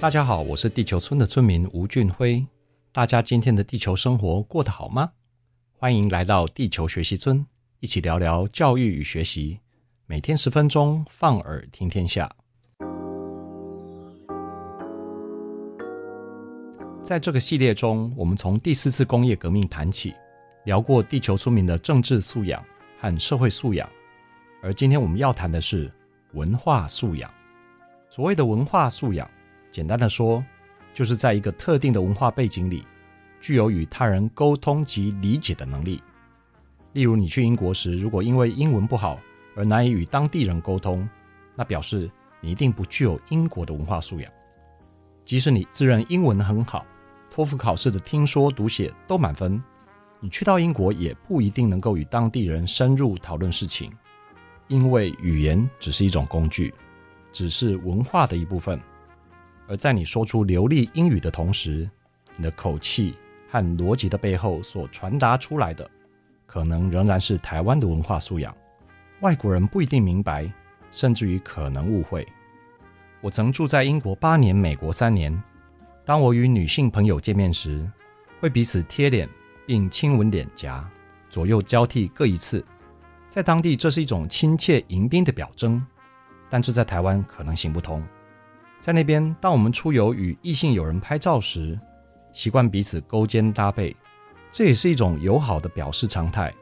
大家好，我是地球村的村民吳俊輝。大家今天的地球生活過得好嗎？歡迎來到地球學習村，一起聊聊教育與學習。每天十分鐘，放耳聽天下。在這個系列中，我們從第四次工業革命談起，聊過地球村民的政治素養和社會素養，而今天我們要談的是文化素養。所謂的文化素養，簡單的說，就是在一個特定的文化背景裡，具有與他人溝通及理解的能力。例如，你去英國時，如果因為英文不好而難以與當地人溝通，那表示你一定不具有英國的文化素養。即使你自認英文很好，托福考試的聽說讀寫都滿分，你去到英國也不一定能夠與當地人深入討論事情，因為語言只是一種工具，只是文化的一部分。而在你說出流利英語的同時，你的口氣和邏輯的背後所傳達出來的，可能仍然是台灣的文化素養。外國人不一定明白，甚至於可能誤會。我曾住在英國八年，美國三年。當我與女性朋友見面時，會彼此貼臉並親吻臉頰，左右交替各一次。在當地，這是一種親切迎賓的表徵，但是在台灣可能行不通。在那邊，當我們出遊與異性友人拍照時，習慣彼此勾肩搭背，這也是一種友好的表示常態。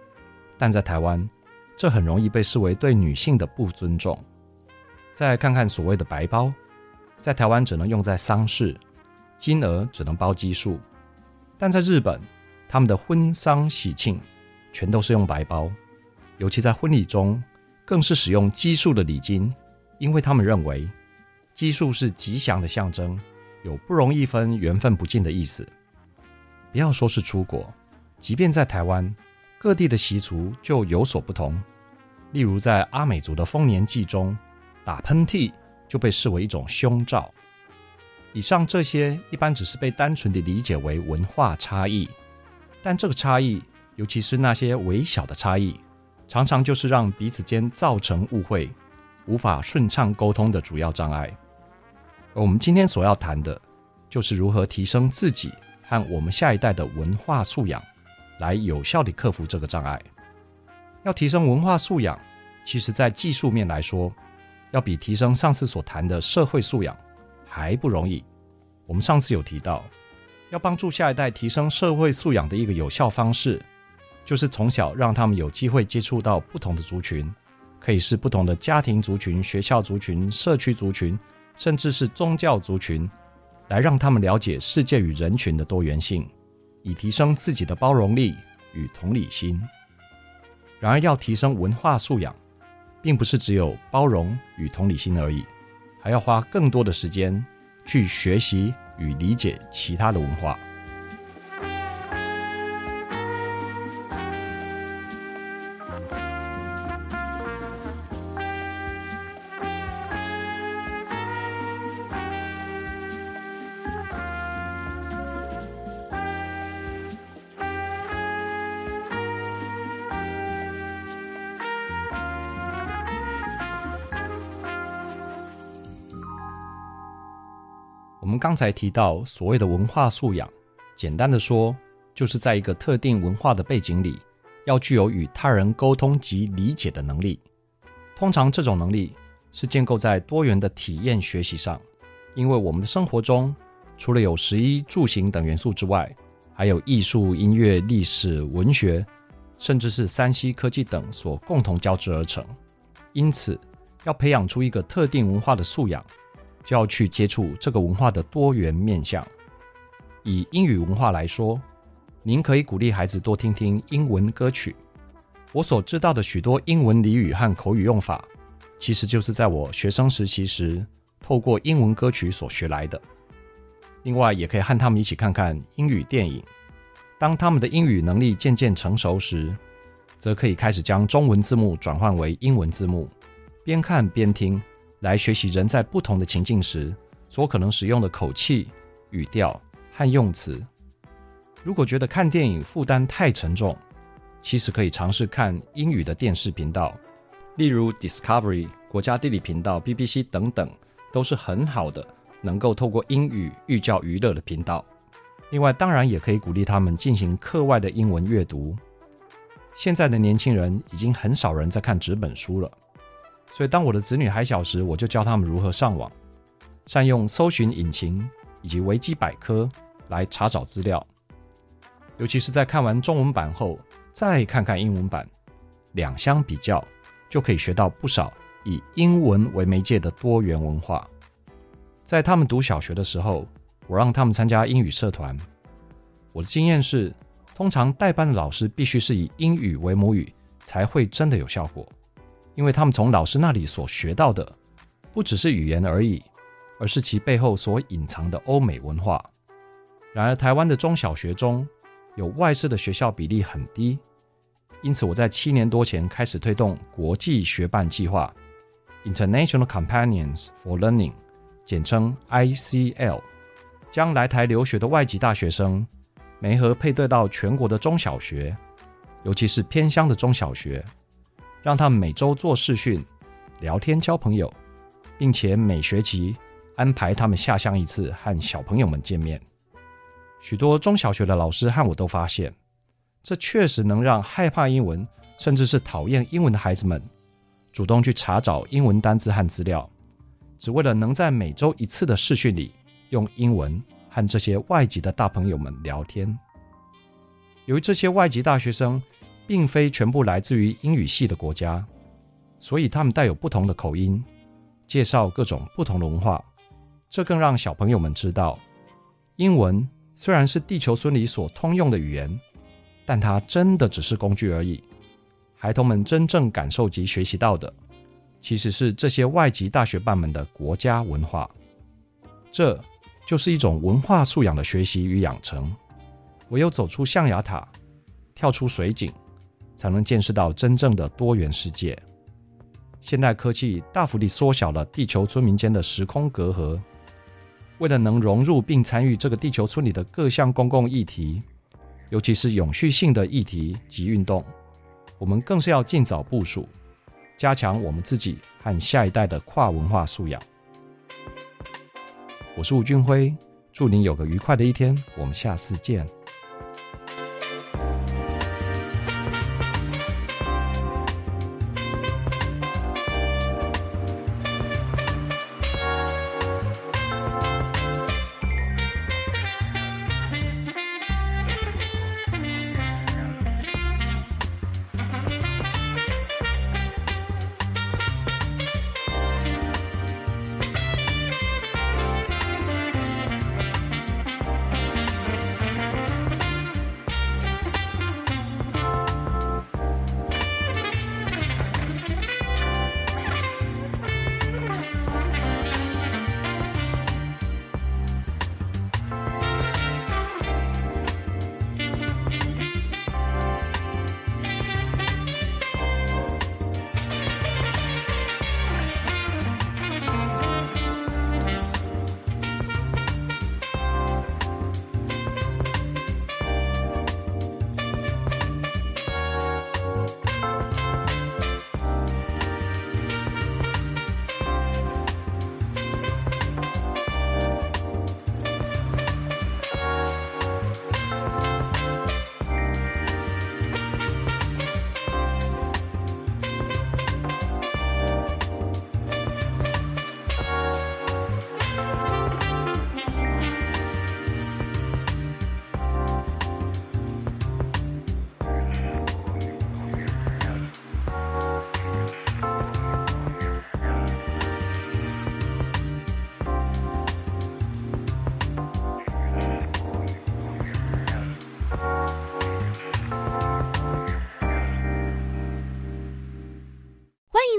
但在台灣，這很容易被視為對女性的不尊重。再看看所謂的白包，在台灣只能用在喪事，金額只能包奇數；但在日本，他們的婚喪喜慶全都是用白包，尤其在婚禮中，更是使用奇數的禮金，因為他們認為，奇數是吉祥的象徵，有不容易分、緣分不盡的意思。不要說是出國，即便在台灣，各地的習俗就有所不同。例如，在阿美族的豐年祭中，打噴嚏就被視為一種凶兆。以上這些一般只是被單純地理解為文化差異，但這個差異，尤其是那些微小的差異，常常就是讓彼此間造成誤會、無法順暢溝通的主要障礙。而我們今天所要談的，就是如何提升自己和我們下一代的文化素養，來有效地克服這個障礙。要提升文化素養，其實，在技術面來說，要比提升上次所談的社會素養還不容易。我們上次有提到，要幫助下一代提升社會素養的一個有效方式，就是從小讓他們有機會接觸到不同的族群，可以是不同的家庭族群、學校族群、社區族群。甚至是宗教族群，來讓他們了解世界與人群的多元性，以提升自己的包容力與同理心。然而，要提升文化素養，並不是只有包容與同理心而已，還要花更多的時間去學習與理解其他的文化。我們剛才提到，所謂的文化素養，簡單的說，就是在一個特定文化的背景裡，要具有與他人溝通及理解的能力。通常，這種能力是建構在多元的體驗學習上，因為我們的生活中，除了有食衣住行等元素之外，還有藝術、音樂、歷史、文學，甚至是 3C 科技等所共同交織而成。因此，要培養出一個特定文化的素養。就要去接觸這個文化的多元面向。以英語文化來說，您可以鼓勵孩子多聽聽英文歌曲。我所知道的許多英文俚語和口語用法，其實就是在我學生時期時透過英文歌曲所學來的。另外，也可以和他們一起看看英語電影。當他們的英語能力漸漸成熟時，則可以開始將中文字幕轉換為英文字幕，邊看邊聽，來學習人在不同的情境時所可能使用的口氣、語調和用詞。如果覺得看電影負擔太沉重，其實可以嘗試看英語的電視頻道，例如 Discovery 國家地理頻道、BBC 等等，都是很好的能夠透過英語寓教於樂的頻道。另外，當然也可以鼓勵他們進行課外的英文閱讀。現在的年輕人已經很少人在看紙本書了。所以，當我的子女還小時，我就教他們如何上網，善用搜尋引擎以及維基百科來查找資料。尤其是在看完中文版後，再看看英文版，兩相比較，就可以學到不少以英文為媒介的多元文化。在他們讀小學的時候，我讓他們參加英語社團。我的經驗是，通常代班的老師必須是以英語為母語，才會真的有效果。因為他們從老師那裡所學到的，不只是語言而已，而是其背後所隱藏的歐美文化。然而，台灣的中小學中有外師的學校比例很低，因此我在七年多前開始推動國際學伴計劃 （International Companions for Learning，簡稱 ICL），將來台留學的外籍大學生，媒合配對到全國的中小學，尤其是偏鄉的中小學。讓他們每周做視訊、聊天、交朋友，並且每學期安排他們下鄉一次和小朋友們見面。許多中小學的老師和我都發現，這確實能讓害怕英文，甚至是討厭英文的孩子們，主動去查找英文單字和資料，只為了能在每周一次的視訊裡用英文和這些外籍的大朋友們聊天。由於這些外籍大學生，並非全部來自於英語系的國家，所以他們帶有不同的口音，介紹各種不同的文化，這更讓小朋友們知道，英文雖然是地球村裡所通用的語言，但它真的只是工具而已。孩童們真正感受及學習到的，其實是這些外籍大學伴們的國家文化，這就是一種文化素養的學習與養成。唯有走出象牙塔，跳出水井。才能見識到真正的多元世界。現代科技大幅地縮小了地球村民間的時空隔閡。為了能融入並參與這個地球村裡的各項公共議題，尤其是永續性的議題及運動，我們更是要盡早部署，加強我們自己和下一代的跨文化素養。我是吳俊輝，祝您有個愉快的一天，我們下次見。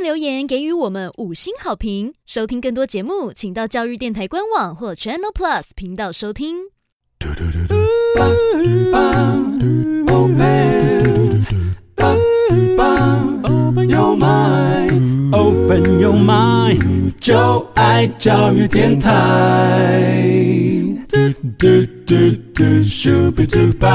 留言給予我們五星好評，收聽更多節目，請到教育電台官網或 Channel Plus 頻道收聽。嘟嘟嘟嘟嘟嘟嘟嘟嘟嘟嘟嘟。